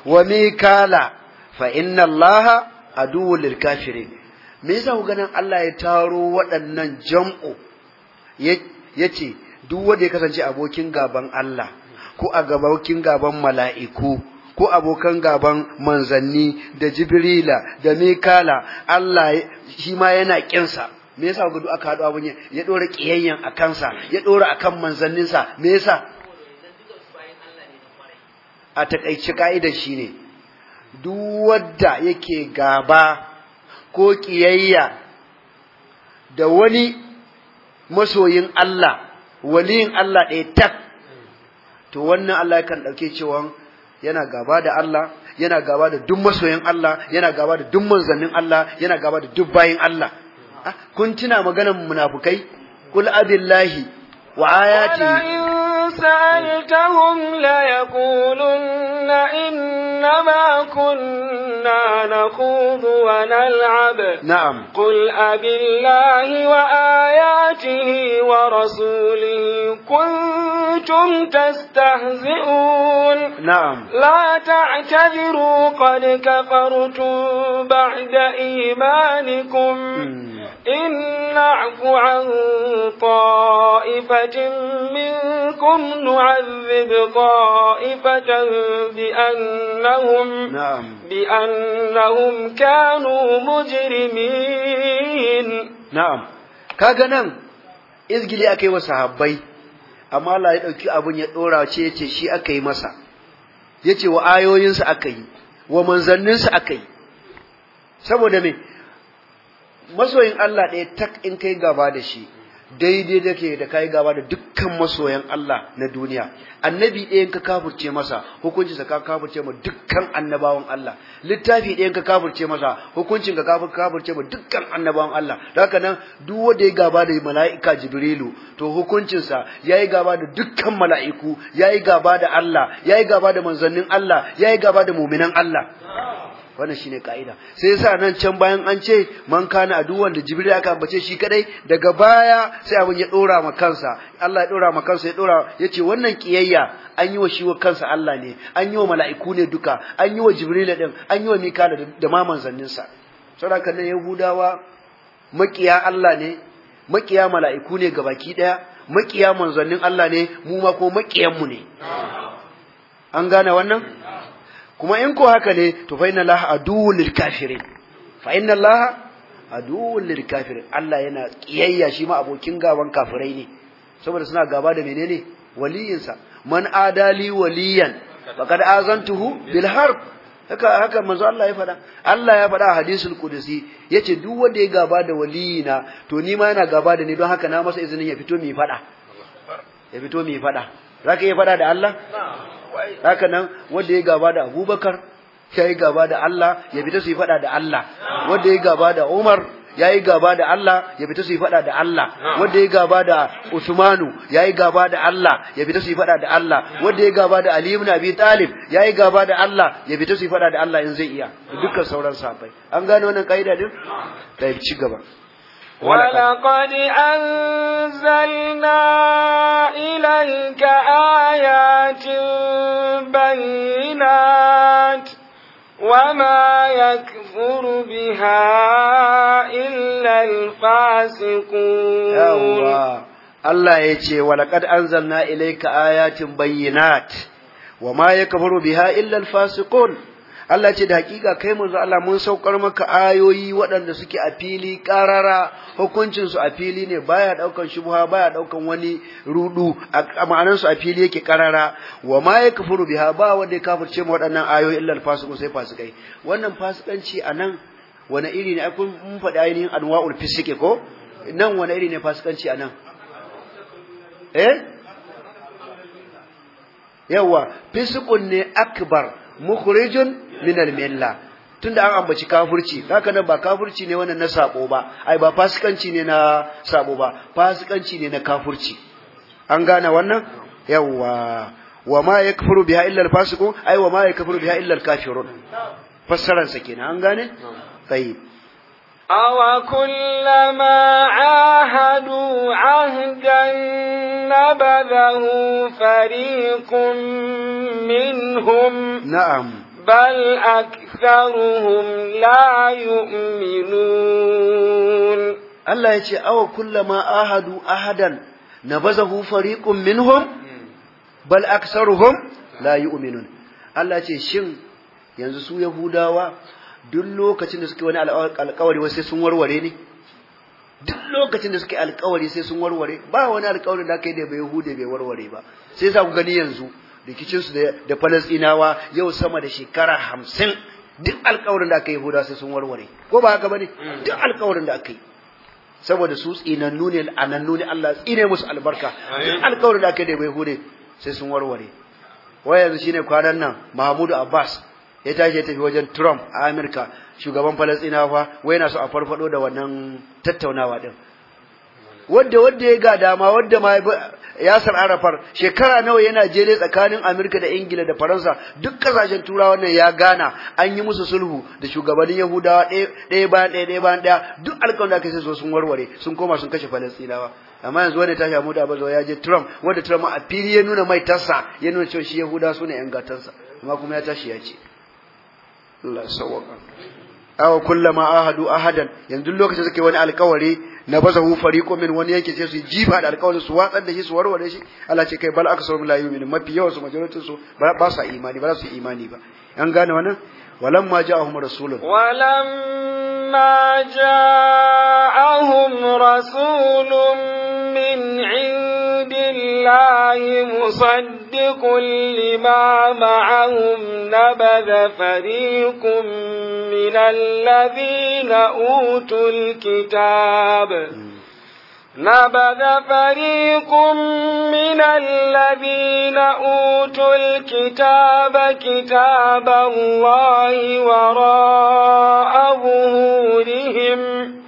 وميكال فإن الله عدو للكافرين me yasa ku ganin Allah ya taro waɗannan jam'u ya ce duk wanda ya kasance abokin gaban Allah ko a gabokin gaban mala'iku ko abokan gaban manzanni da jibrila da mikala Allah shi ma yana kinsa me yasa gudu aka haɗu abun ya ɗora ƙiyayyen a kansa ya ɗora a kan manzanninsa me yasa a taƙaice ka'idar shi ne duk wadda yake gaba ko ƙiyayya da wani masoyin Allah waliyin Allah ɗaya tak to wannan Allah kan ɗauke cewa yana gaba da Allah yana gaba da duk masoyin Allah yana gaba da duk manzannin Allah yana gaba da duk bayin Allah ah, kun tuna maganar munafukai qul abillahi wa ayatihi سألتهم ليقولن إنما كنا نخوض ونلعب نعم قل أب الله وآياته ورسوله كنتم تستهزئون نعم لا تعتذروا قد كفرتم بعد إيمانكم إن نعفو عن طائفة منكم ولم نعذب طائفة بأنهم, nan izgili aka yi wa sahabbai amma Allah ɗauki abin ya ɗora ce shi aka yi masa ya ce aka yi wa manzanninsa aka yi saboda me masoyin Allah ɗaya tak in kai gaba da shi daidai da ke da kai gaba da dukkan masoyan Allah na duniya annabi ɗayan ka kafirce masa hukuncin ka kafirce ma dukkan annabawan Allah littafi ɗayan ka kafirce masa hukuncin ka kafirce ma dukkan annabawan Allah haka nan duk wanda ya gaba da mala'ika Jibrilu to hukuncin sa yayi gaba da dukkan mala'iku yayi gaba da Allah yayi gaba da manzannin Allah yayi gaba da mu'minan Allah wannan shine kaida sai yasa nan can bayan an ce man kana aduwan da jibril aka ambace shi kadai daga baya sai abin ya dora ma kansa Allah ya dora ma kansa ya dora yace wannan kiyayya an yi wa shi wa kansa Allah ne an yi wa mala'iku ne duka an yi wa jibril din an yi wa mikala da ma manzannin sa saboda nan yahudawa makiya Allah ne makiya mala'iku ne gabaki daya makiya manzannin Allah ne mu ma ko makiyan mu ne an gane wannan kuma in ko haka ne to fa inna laha aduwwul lil kafirin fa inna laha aduwwul lil kafirin Allah yana kiyayya shi ma abokin gaban kafirai ne saboda suna gaba da menene waliyinsa man adali waliyan faqad azantuhu bil harb haka haka manzo Allah ya faɗa Allah ya faɗa a hadisul qudsi yace duk wanda ya gaba da waliyina to ni ma yana gaba da ni don haka na masa izinin ya fito mi faɗa ya fito mi faɗa zaka iya faɗa da Allah haka nan wanda ya gaba da abubakar ya yi gaba da Allah ya fita su yi faɗa da Allah wanda ya gaba da umar ya yi gaba da Allah ya fita su yi faɗa da Allah wanda ya gaba da Usmanu ya yi gaba da Allah ya fita su yi faɗa da Allah wanda ya gaba da Ali ibn Abi Talib ya yi gaba da Allah ya fita su yi faɗa da Allah in zai iya dukkan sauran safai an gane wannan kaida din da ci gaba ولقد أنزلنا إليك آيات بينات وما يكفر بها إلا الفاسقون Allah ya ce, Walakad an zanna ilai ka ayatin bayyanat, wa ma ya kafaru biha illa fasikun Allah ce da hakika kai manzo Allah mun saukar maka ayoyi waɗanda suke a fili karara hukuncin su a fili ne baya daukan shubha baya daukan wani rudu a ma'anar su a fili yake karara wa ma yakfuru biha ba wanda ya kafirce mu waɗannan ayoyi illa al-fasiqu sai fasikai wannan fasikanci anan wani iri ne akwai mun faɗi ainihin anwa'ul fisike ko nan wani iri ne fasikanci anan eh yawa fisikun ne akbar mukhrijun min al-milla tunda an ambaci kafirci haka nan ba kafirci ne wannan na sabo ba ai ba fasikanci ne na sabo ba fasikanci ne na kafirci an gane wannan yawa wa ma yakfuru biha illa al fasiqu ai wa ma yakfuru biha illa al-kafirun fassaran sa kenan an gane tayyib أَوَكُلَّمَا عاهدوا عهدا نبذه فريق منهم نعم بل أكثرهم لا يؤمنون الله يتي أو كلما أهدوا أهدا نبذه فريق منهم بل أكثرهم لا يؤمنون الله ce شن ينزسوا su duk lokacin da suke wani alƙawari sai sun warware ne duk lokacin da suke alƙawari sai sun warware ba wani alƙawari da kai da bai hude bai warware ba sai za ku gani yanzu rikicin su da Falasɗinawa yau sama da shekara hamsin duk alƙawarin da aka yi Yahuda sai sun warware ko ba haka bane duk alƙawarin da aka yi saboda su tsinannu ne la'anannu ne Allah tsine musu albarka duk alƙawarin da aka yi da bai hude sai sun warware waya yanzu shine kwanan nan Mahamudu Abbas ya tashi ya tafi wajen Trump a Amurka shugaban Falasɗinawa fa wai yana so a farfado da wannan tattaunawa din wadda wadda ya ga dama wadda ma san Arafar shekara nawa yana jere tsakanin Amurka da Ingila da Faransa duk kasashen turawa wannan ya gana an yi musu sulhu da shugabannin Yahudawa ɗaya bayan ɗaya ɗaya bayan ɗaya duk alƙawarin da aka sai sun warware sun koma sun kashe Falastinawa amma yanzu wanda tashi mu da Abazo ya je Trump wanda Trump a fili ya nuna mai tassa ya nuna cewa shi Yahudawa su ne ƴan gatansa amma kuma ya tashi ya ce Allah sawaka Awa kullama ahadu ahadan yanzu lokacin suke wani alkawari na hu fariqu min wani yake sai su jifa da alkawarin su watsar da shi su warware shi Allah ce kai bal aksarum la yu'minu mafi yawan su su ba sa imani ba su imani ba an gane wannan ma ja'ahum rasulun ma ja'ahum rasulun الله مصدق لما معهم نبذ فريق من الذين أوتوا الكتاب نبذ فريق من الذين أوتوا الكتاب كتاب الله وراء ظهورهم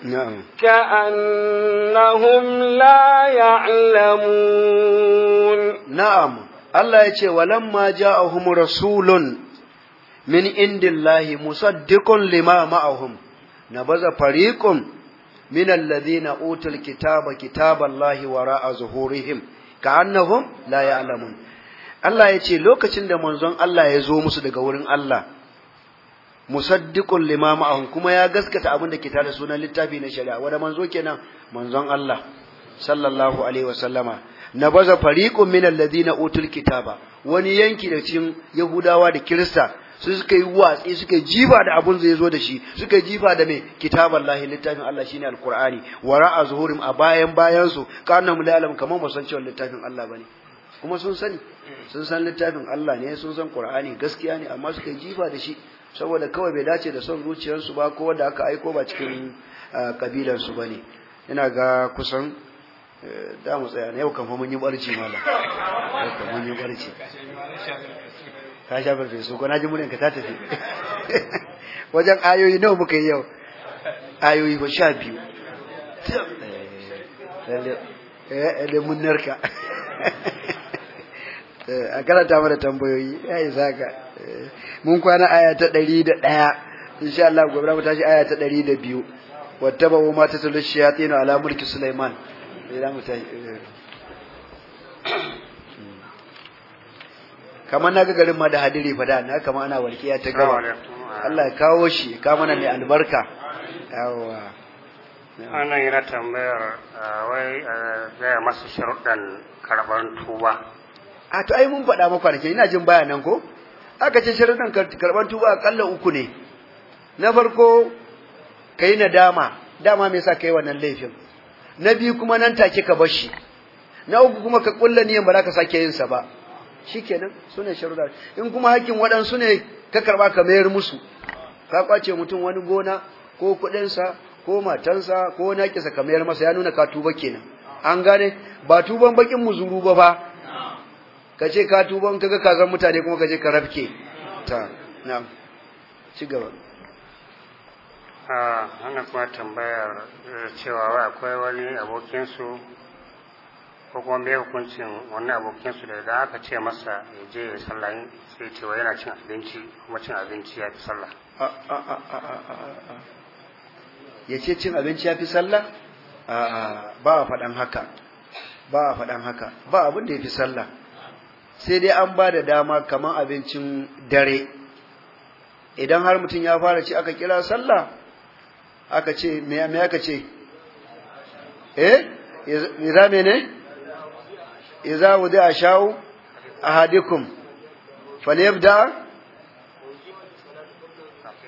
نعم كأنهم لا يعلمون نعم الله يتي ولما جاءهم رسول من عند الله مصدق لما معهم نبذ فريق من الذين أوتوا الكتاب كتاب الله وراء ظهورهم كأنهم لا يعلمون Allah ya ce lokacin da manzon Allah ya zo musu daga wurin Allah musaddiqun limama ahun kuma ya gaskata abin da ke tare sunan littafi na shari'a wanda manzo kenan manzon Allah sallallahu alaihi wasallama nabaza fariqun min alladhina utul kitaba wani yanki da cikin yahudawa da kirista su suka yi watsi suka jifa da abun zai zo da shi suka jifa da mai kitabar lahi littafin Allah shine alqur'ani wara a zuhurim a bayan bayan su kanam la alam kaman ba san cewa littafin Allah bane kuma sun sani sun san littafin Allah ne sun san qur'ani gaskiya ne amma suka jifa da shi saboda kawai bai dace da son zuciyarsu ba ko wanda aka aiko ba cikin kabilansu ba ne ina ga kusan damu eh, tsaya na yau kan fa mun yi barci mala yau mun yi barci ka sha barfe su ko na ji murin ka ta tafi wajen ayoyi nawa muka yi yau ayoyi ko sha biyu eh, eh, lalle mun narka a karanta mana tambayoyi ya yi ka mun kwana aya ta 101 insha Allah gobe mu tashi aya ta da 102 ba ma mata ta ala mulki Sulaiman idan mulki Suleiman. kamar na ga garin ma da hadiri fa da na kamar ana ya ta gaba Allah ya kawo shi ka mana mai albarka yawa wannan yana tambayar eh, wai zai eh, masu sharuɗan karɓar tuba a to ai mun faɗa maka ina jin bayanan ko aka ce shirin karɓar tuba akalla uku ne na farko ka nadama dama me yasa ka yi wannan laifin na biyu kuma nan take ka bar shi na uku kuma ka kulla niyan ba za ka sake yin sa ba shikenan sune sharuɗa in kuma hakkin waɗansu ne ka karba ka mayar musu ka kwace mutum wani gona ko kuɗinsa ko matansa ko naƙisa ka mayar masa ya nuna ka tuba kenan an gane ba tuban bakin muzuru ba fa ka ce ka tuba in kaga kazan mutane kuma ka je ka rafke ta na'am ci gaba ah ana kuma tambayar eh, cewa wa akwai wani abokin su ko kuma me hukuncin wani abokin su da idan aka ce masa ya je ya sallah sai ce wa yana cin abinci kuma cin abinci ya fi sallah ya ce cin abinci ya fi sallah ba a faɗan haka ba a faɗan haka ba abin da ya fi sallah sai dai an ba da dama kamar abincin dare idan har mutum ya fara ci aka kira sallah aka ce me aka ce eh ne ya za wudi a shawo ahadikum falyabda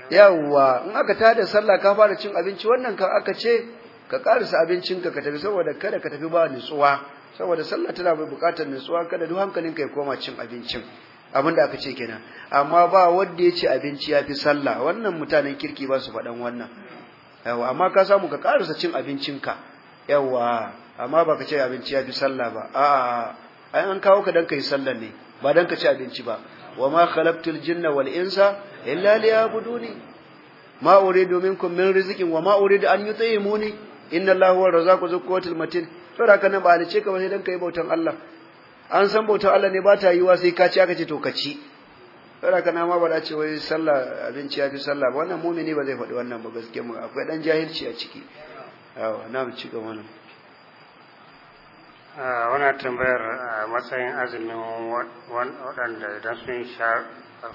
yawwa in aka tada sallah ka fara cin abinci wannan kan aka ce ka karisa abincinka ka tafi saboda kada ka tafi ba nutsuwa saboda sallah tana mai bukatar nutsuwa kada duk hankalinka ya koma cin abincin abin da aka ce kenan amma ba wanda ya ce abinci ya fi sallah wannan mutanen kirki ba su faɗan wannan yawa amma ka samu ka karasa cin abincinka yawa amma ba ka ce abinci ya fi sallah ba a'a ai an kawo ka dan kai sallah ne ba dan ka ci abinci ba wa ma khalaqtul jinna wal insa illa liya'buduni ma uridu minkum min rizqin wa ma uridu an yut'imuni inna allaha huwa razzaqu dhul quwwatil matin saboda haka nan ni ce ka ba dan kai bautan Allah an san bautan Allah ne ba ta yiwa sai ka ci aka ce to ka ci saboda haka ma ba da ce wai sallah abinci ya fi sallah ba wannan mumini ba zai faɗi wannan ba gaskiya mu akwai dan jahilci a ciki yawa na mu ci gaba nan ah, wannan tambayar ah, matsayin azumin waɗanda idan sun sha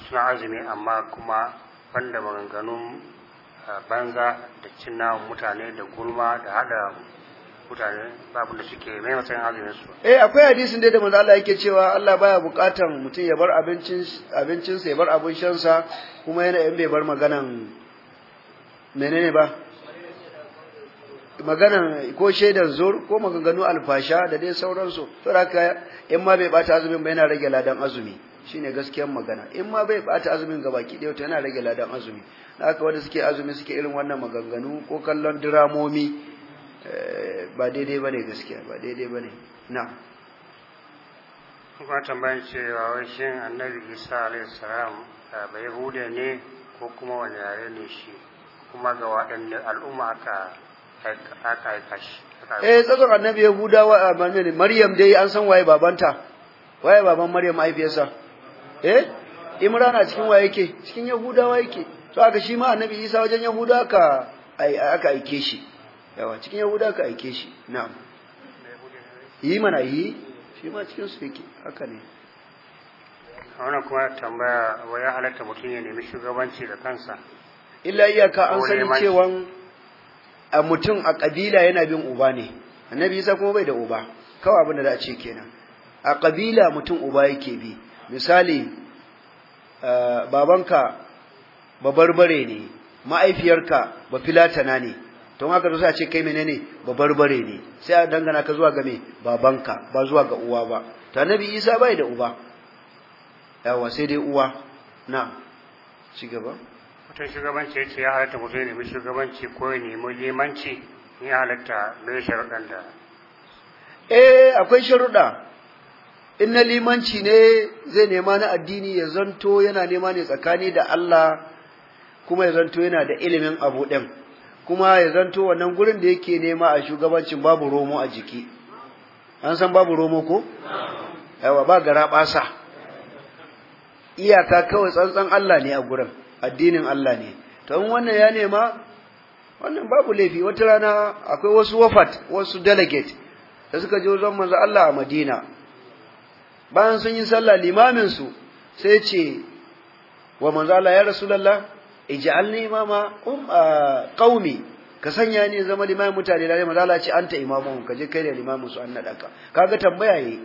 suna azumi amma kuma banda maganganun ah, banza da cinna mutane da gulma da hada. eh akwai hadisin dai da manzo Allah yake cewa Allah baya bukatan mutum ya bar abincin abincin sa ya bar abun shan sa kuma yana in bai bar maganan menene ba maganan ko shaidan zur ko maganganu alfasha da dai sauransu to haka in ma bai bata azumin ba yana rage ladan azumi shine gaskiyar magana in ma bai bata azumin gabaki ɗaya to yana rage ladan azumi haka wanda suke azumi suke irin wannan maganganu ko kallon diramomi Eh, ba daidai ba ne gaskiya ba daidai ba ne na kuma tambayin cewa wa shi annabi isa alaihi salam ba yahuda ne ko kuma wani yare ne shi kuma ga waɗanne al'umma aka aika shi eh tsakar annabi yahudawa ne maryam dai an san waye babanta waye baban maryam mahaifiyarsa eh imrana cikin waye yake cikin yahudawa yake to aka shi ma annabi isa wajen yahuda aka aka aike shi yawa cikin yahuda ka aike shi na'am yi mana yi shi ma cikin su yake haka ne wannan kuma tambaya waya halatta mutum ya nemi shugabanci da kansa illa iyaka an sani cewa a mutum a kabila yana bin uba ne annabi isa kuma bai da uba kawai abin da za a ce kenan a kabila mutum uba yake bi misali babanka babarbare ne ma'aifiyarka filatana ne to haka sai a ce kai menene babarbare ne sai a dangana ka zuwa ga me babanka ba zuwa ga uwa ba to annabi Isa bai da uba yawa sai dai uwa na ci gaba wata shugabanci ya ce ya halatta mutum ya nemi shugabanci ko ya nemi limanci ya halatta mai sharuɗan da eh akwai sharuɗa in na limanci ne zai nema na addini ya zanto yana nema ne tsakani da Allah kuma ya zanto yana da ilimin abu ɗin kuma ya zanto wannan gurin da yake nema a shugabancin babu romo a jiki an san babu romo ko yawa ba gara basa iyaka kawai tsantsan Allah ne a gurin addinin Allah ne to in wannan ya nema wannan babu laifi wata rana akwai wasu wafat wasu delegate da suka je wajen manzo Allah a Madina bayan sun yi sallah limamin su sai ce wa manzo Allah ya rasulullah ij'alni imama um qaumi ka sanya ni zama limamin mutane da manzo lalace anta imamu ka je kai da limamin su an nada ka kaga tambaya yi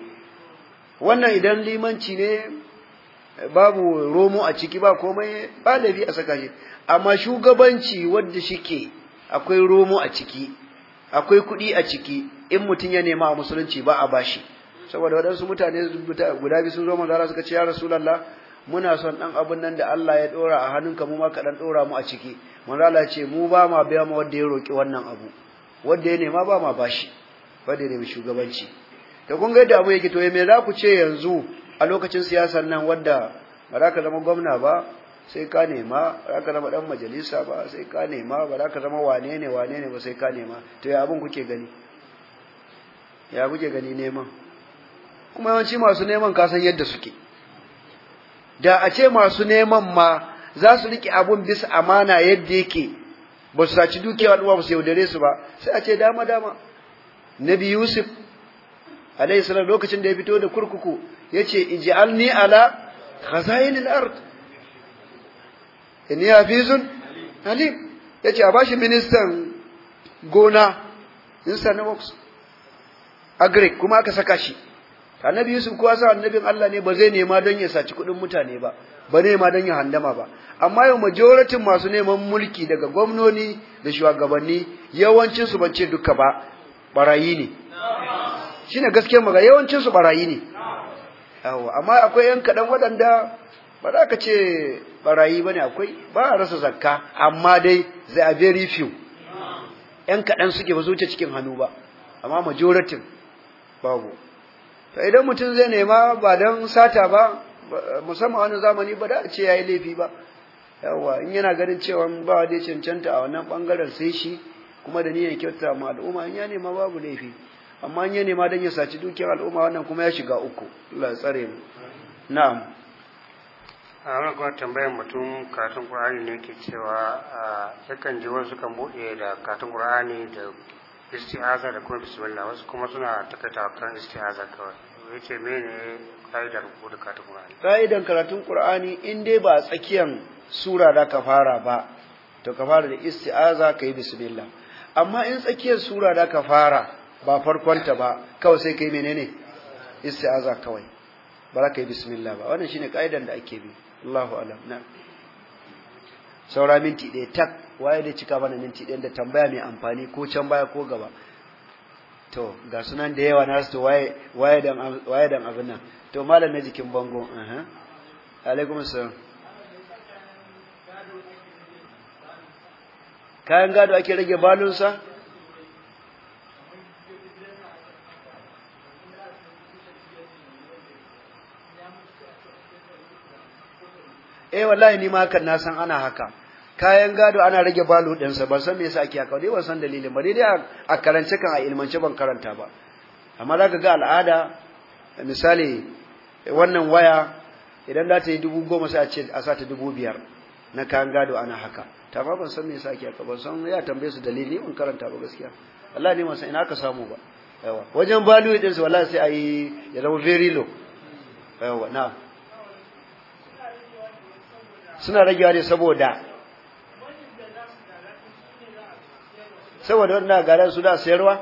wannan idan limanci ne babu romo a ciki ba komai ba da bi a saka shi amma shugabanci wanda shike akwai romo a ciki akwai kuɗi a ciki in mutun ya nema a musulunci ba a bashi saboda waɗansu mutane guda biyu sun zo manzara suka ce ya rasulullah muna son dan abun nan da Allah ya dora a hannunka mu ma ka dan dora mu a ciki manzo ce mu ba ma biya ma wanda ya roki wannan abu wanda ya nema ba ma bashi fade ne mai shugabanci da kun ga yadda abu yake to me za ku ce yanzu a lokacin siyasar nan wanda ba za ka zama gwamna ba sai ka nema ba za ka zama dan majalisa ba sai ka nema ba za ka zama wane ne wane ne ba sai ka nema to ya abin kuke gani ya kuke gani neman kuma yawanci masu neman kasan yadda suke da a ce masu neman ma za su riƙe abun bisa amana yadda yake ba su saci dukewa ɗuwa ba su yaudare su ba sai a ce dama dama nabi yusuf da lokacin da ya fito da kurkuku Ya ce yace ni ala khazain al-ard inni hafizun Ya ce a bashi ministan gona in sanarwa agric kuma aka saka shi annabi yusuf kowa sa annabin Allah ne ba zai nema don ya saci kudin mutane ba ba nema don ya handama ba amma yau majoratin masu neman mulki daga gwamnoni da shugabanni yawancin su bace duka ba barayi ne shine gaskiyar magana yawancin su barayi ne amma akwai yan kaɗan waɗanda ba za ka ce barayi bane akwai ba a rasa zakka amma dai zai a very few yan kaɗan suke ba su cikin hannu ba amma majoratin babu to idan mutum zai nema ba don sata ba musamman wani zamani ba da ce ya yi laifi ba yawa in yana ganin cewa ba dai cancanta a wannan bangaren sai shi kuma da niyan kyauta ma al'umma in ya nema babu laifi amma in ya nema don ya saci dukiyar al'umma wannan kuma ya shiga uku Allah tsare mu na'am a wani kuma tambayar mutum katin qur'ani ne ke cewa yakan ji wasu kan buɗe da katin qur'ani da isti'aza da kuma bismillah wasu kuma suna takaita kan isti'aza kawai yace mene ka'idar ko da karatun Qur'ani ka'idan karatun Qur'ani in dai ba tsakiyan sura da ka fara ba to ka fara da isti'aza kai bismillah amma in tsakiyan sura da ka fara ba farkonta ba kawai sai kai menene isti'aza kawai ba za ka yi bismillah ba wannan shine ka'idan da ake bi Allahu alam na saura minti ɗaya tak waye da cika mana minti ɗin da tambaya mai amfani ko can baya ko gaba to ga sunan da yawa na to waye dan abin nan to malam na jikin bango eh alaikum assalam kayan gado ake rage balunsa eh wallahi ni ma kan na san ana haka kayan gado ana rage balu ɗinsa ban san me yasa ake haka dai ban san dalilin ba dai a karance kan a ilmance ban karanta ba amma za ka ga al'ada misali wannan waya idan za ta yi dubu goma sai a ce a sa ta dubu biyar na kayan gado ana haka ta ba ban san me yasa ake haka ban san ya tambaye su dalili ban karanta ba gaskiya Allah ne masa ina aka samu ba yawa wajen balu ɗinsa wallahi sai a yi ya zama very low yawa na suna ragewa ne saboda saboda wannan gara su da sayarwa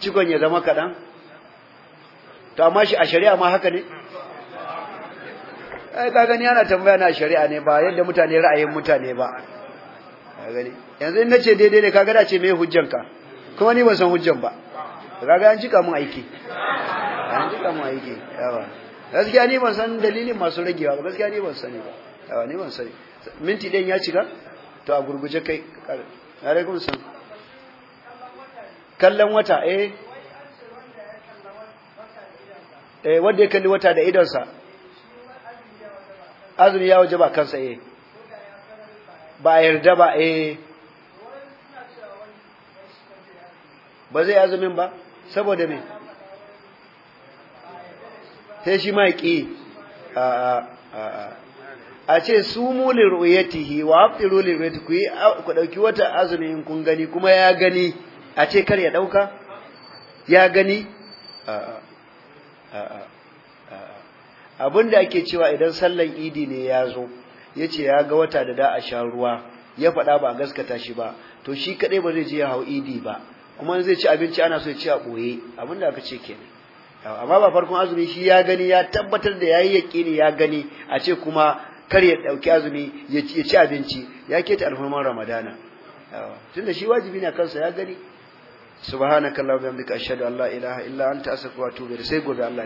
cikon ya zama kaɗan to amma shi a shari'a ma haka ne ai ka gani ana tambaya na shari'a ne ba yadda mutane ra'ayin mutane ba ka gani yanzu in nace daidai ne kaga da ce me hujjanka kuma ni ban san hujjan ba kaga an jika mun aiki an jika mun aiki yawa gaskiya ni ban san dalilin masu ragewa ba gaskiya ni ban sani ba yawa ni ban sani minti ɗin ya cika to a gurguje kai kallon wata eh eh wanda ya kalli wata da idonsa azumi ya waje ba kansa eh ba yarda ba eh ba zai azumin ba saboda me sai shi ma ya ƙi a a a a ce su mu li wa afiru li ru'yati ku ku dauki wata azumi in kun gani kuma ya gani a ce kar ya dauka ya gani abinda ake cewa idan sallan idi ne ya zo yace ya ga wata da da a sha ruwa ya faɗa ba gaskata shi ba to shi kadai ba zai je ya hau idi ba kuma zai ci abinci ana so ya ci a boye abinda aka ce kenan amma ba farkon azumi shi ya gani ya tabbatar da yayi yaqini ya gani a ce kuma kar ya dauki azumi ya ci abinci ya keta alhurman ramadana tunda shi wajibi ne kansa ya gani subhanakallahumma wa bihamdika ashhadu an la ilaha illa anta astaghfiruka wa atubu ilayk sai gobe Allah